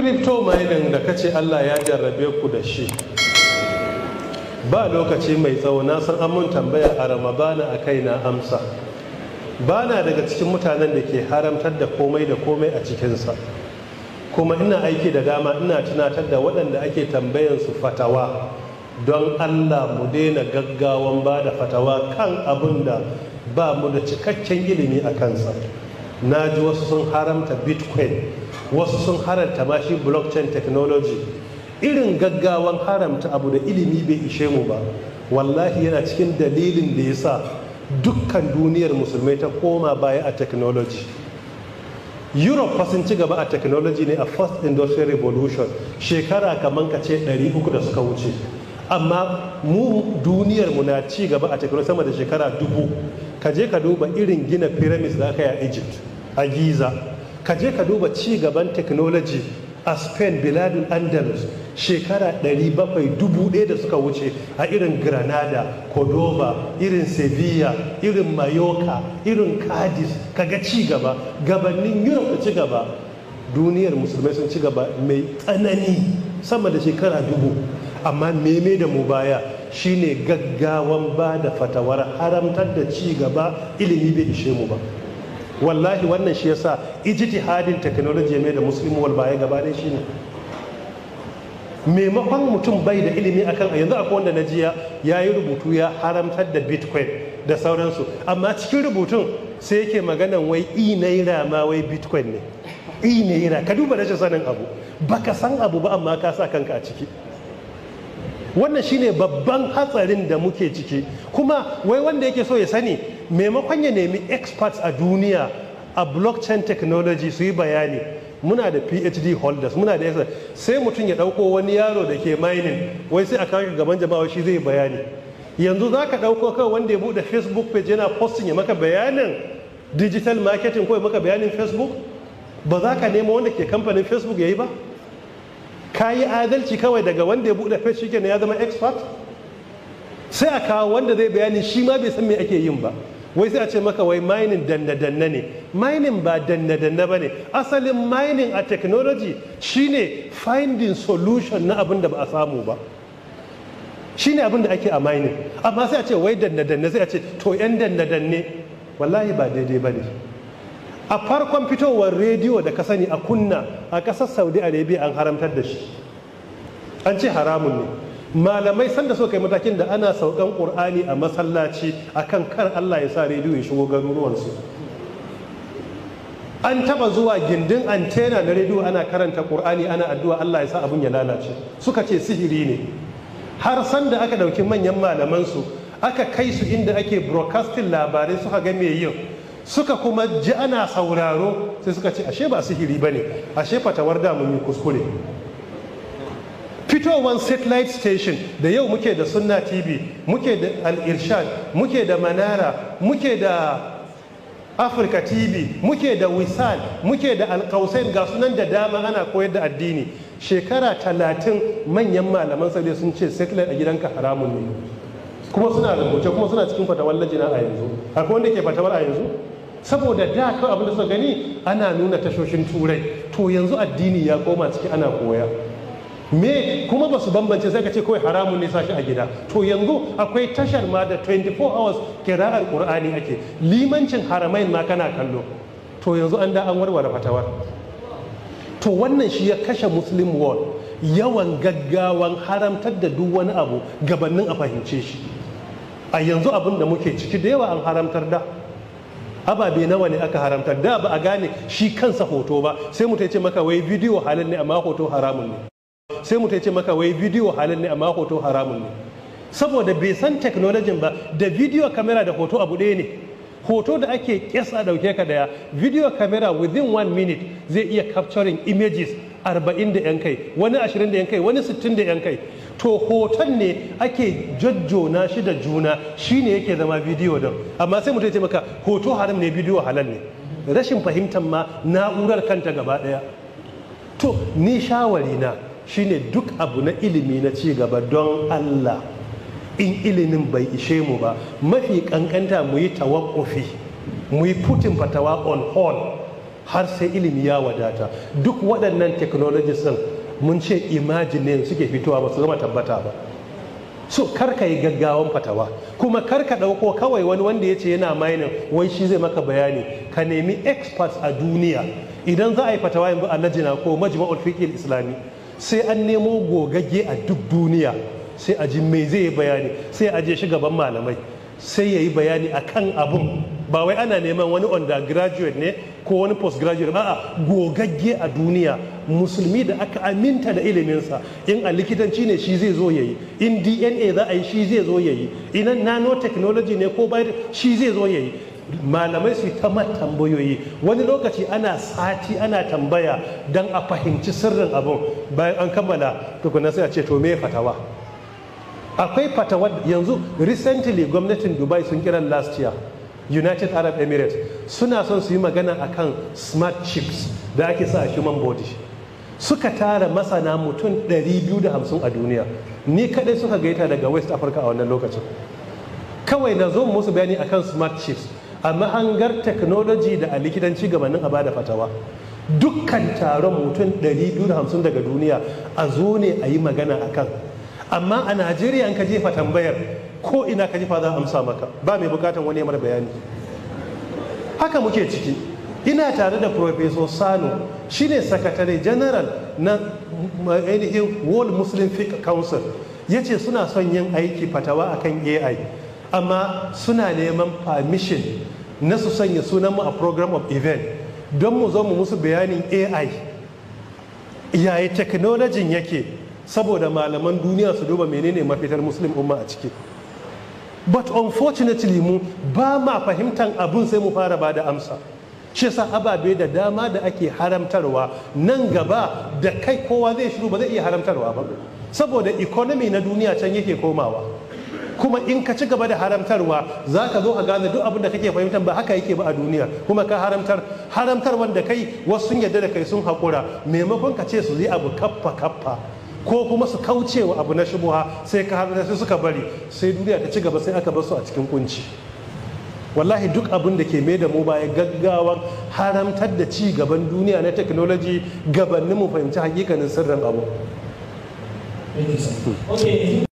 crypto mining da kace Allah ya jarrabe ku da shi ba lokaci mai tsawo na san amun tambaya a ramadana a kai na amsa ba na daga cikin mutanen da ke haramtar da komai da komai a cikinsa kuma ina aiki da dama ina tunatar da waɗanda ake tambayan su fatawa don allah mu daina gaggawan ba da fatawa kan abin da ba mu da cikakken ilimi a kansa na ji wasu sun haramta bitcoin wasu sun haranta ma shi blockchain technology irin gaggawan haramta abu da ilimi bai ishe mu ba wallahi yana cikin dalilin da ya sa dukkan duniyar musulmai ta koma baya a technology europe fa sun ci gaba a technology ne a first industrial revolution shekara kamar ka ce 300 da suka wuce amma mu duniyar mu na ci gaba a technology sama da shekara dubu ka je ka duba irin gina pyramids da aka yi a egypt a giza ka je ka duba ci gaban technology a spain biladun andalus shekara 700,000 da suka wuce a irin granada cordova irin sevilla irin mallorca irin cadiz ga ci gaba gabanin europe da ci gaba duniyar musulmai sun ci gaba mai tsanani sama da shekara dubu amma meme da mu baya shine gaggawan ba da fatawar haramtar da ci gaba ilimi bai ishe mu ba wallahi wannan shi yasa ijtihadin technology mai da muslim wal baya gaba ne shine maimakon mutum bai da ilimi akan a yanzu akwai wanda na jiya ya yi rubutu ya haramtar da bitcoin da sauransu amma cikin rubutun sai yake maganan wai i naira ma wai bitcoin ne i naira ka duba rashin sanin abu baka san abu ba amma ka sa kanka a ciki wannan shine babban hatsarin da muke ciki kuma wai wanda yake so ya sani maimakon ya nemi experts a duniya a blockchain technology su yi bayani muna da phd holders muna da yasa sai mutum ya ɗauko wani yaro da ke mining wai sai a kawo gaban jama'a shi zai bayani yanzu za ka ɗauko kawai wanda ya buɗe facebook page yana posting ya maka bayanin digital marketing ko ya maka bayanin facebook ba za ka nemo wanda ke kamfanin facebook ya yi ba ka yi adalci kawai daga wanda ya buɗe Facebook ya zama expert sai a kawo wanda zai bayani shi ma bai san me ake yin ba wai sai a ce maka wai mining danna-danna ne mining ba danna-danna ba ne asalin mining a technology shine finding solution na abin da ba a samu ba shine abin da ake a mining amma sai a ce wai danna-danna sai a ce to 'yan danna-danne wallahi ba daidai ba ne a farkon fitowar rediyo da ka sani a kunna a ƙasar saudi arabia an haramtar da shi an ce haramun ne malamai sanda suka kai matakin da ana saukan ƙur'ani a masallaci akan kar Allah ya sa rediyo ya shigo garuruwansu an taba zuwa gindin antena na rediyo ana karanta ƙur'ani ana addu'a Allah ya sa abun ya lalace suka ce sihiri ne har sanda aka ɗauki manyan malaman su aka kai su inda ake broadcasting labarai suka ga me yin suka kuma ji ana sauraro sai suka ce ashe ba sihiri bane ashe fatawar da mun yi kuskure fitowan satellite station da yau muke da sunna tv muke da al-irshad muke da manara muke da afirka tv muke da wisal muke da alkausain ga sunan da dama ana koyar da addini shekara talatin manyan malaman sauri sun ce satellite a gidanka haramun ne kuma suna rubuce kuma suna cikin fatawar lajina a yanzu akwai wanda ke fatawar a yanzu saboda da kawai abin da suka gani ana nuna tashoshin turai to yanzu addini ya koma ciki ana koya me kuma ba su bambance sai ka ce kawai haramun ne sashi a gida to yanzu akwai tashar ma da 24 hours kira'ar qur'ani ake limancin haramain ma kana kallo to yanzu an da an warware fatawar to wannan shi ya kashe muslim world yawan gaggawan haramtar da duk wani abu gabanin a fahimce shi a yanzu abin da muke ciki da yawa an haramtar da ababe nawa ne aka haramtar da ba a gane shi kansa hoto ba sai mutum ce maka wai bidiyo halin ne amma hoto haramun ne sai mutum ya ce maka wai bidiyo halal ne amma hoto haramun ne saboda bai san technology ba da bidiyo kamera da hoto abu ɗaya ne hoto da ake kesa a ɗauke ka daya bidiyo kamera within one minute zai iya capturing images 40 da 'yan kai wani 20 da 'yan kai wani 60 da 'yan kai to hoton ne ake jajjona shi da juna shine yake zama bidiyo don amma sai mutum ya ce maka hoto haram ne bidiyo halal ne rashin fahimtar ma na'urar kanta gaba daya to ni shawari na shine duk abu na ilimi na cigaba don Allah in ilimin bai ishe mu ba mafi kankanta mu yi tawakofi mu yi putin fatawa on hall har sai ilimi ya wadata duk waɗannan technologies din mun ce imagine suke fitowa ba su zama tabbata ba so karka yi gaggawan fatawa kuma karka ɗauko kawai wani wanda ya ce yana mainin wai shi zai maka bayani ka nemi experts a duniya idan za a yi fatawa yanzu a lajina ko majma'ul fiqh islami sai an nemo gogagge a duk duniya sai a ji me zai yi bayani sai a je shi gaban malamai sai ya yi bayani a kan abin ba wai ana neman wani undergraduate ne ko wani postgraduate ba a gogagge a duniya musulmi da aka aminta da iliminsa in a likitanci ne shi zai zo ya yi in dna za a yi shi zai zo ya yi in nanotechnology ne ko bayan shi zai zo ya yi malamai su ta tambayoyi wani lokaci ana sati ana tambaya don a fahimci sirrin abin bayan an kammala tukuna sai a ce to me fatawa akwai fatawa yanzu recently gwamnatin dubai sun kiran last year united arab emirates suna son su yi magana akan smart chips da ake sa a human body suka tara masana mutum 250 a duniya ni kadai suka gaita daga west africa a wannan lokacin kawai na zo musu bayani akan smart chips a mahangar technology da a likitanci gabanin a bada fatawa dukkan taron mutum 250 daga duniya a zo ne a yi magana a kan amma a najeriya in ka jefa tambayar ko ina ka jefa za a amsa maka ba mai bukatan wani mara bayani haka muke ciki ina tare da professor sano shine sakatare general na ainihin world muslim council ya ce suna son yin aiki fatawa akan ai amma suna neman permission na su sanya sunanmu a program of event don mu zo mu musu bayanin ai yayi technology yake saboda malaman duniya su duba menene mafitar muslim umma a ciki but unfortunately mu ba ma fahimtar abun sai mu fara ba da amsa shi yasa ababe da dama da ake haramtarwa nan gaba da kai kowa zai shiru ba zai iya haramtarwa ba saboda economy na duniya can yake komawa kuma in ka ci gaba da haramtarwa za ka zo ka gane duk abinda da kake fahimtar ba haka yake ba a duniya kuma ka haramtar haramtar wanda kai wasu sun yarda da kai sun haƙura maimakon ka ce su yi abu kaffa kaffa ko kuma su kauce wa abu na shubuha sai ka haramtar sai suka bari sai duniya ta ci gaba sai aka bar su a cikin kunci wallahi duk abin da ke mai da mu baya gaggawan haramtar da ci gaban duniya na technology gabanin mu fahimci hakikanin sirrin abu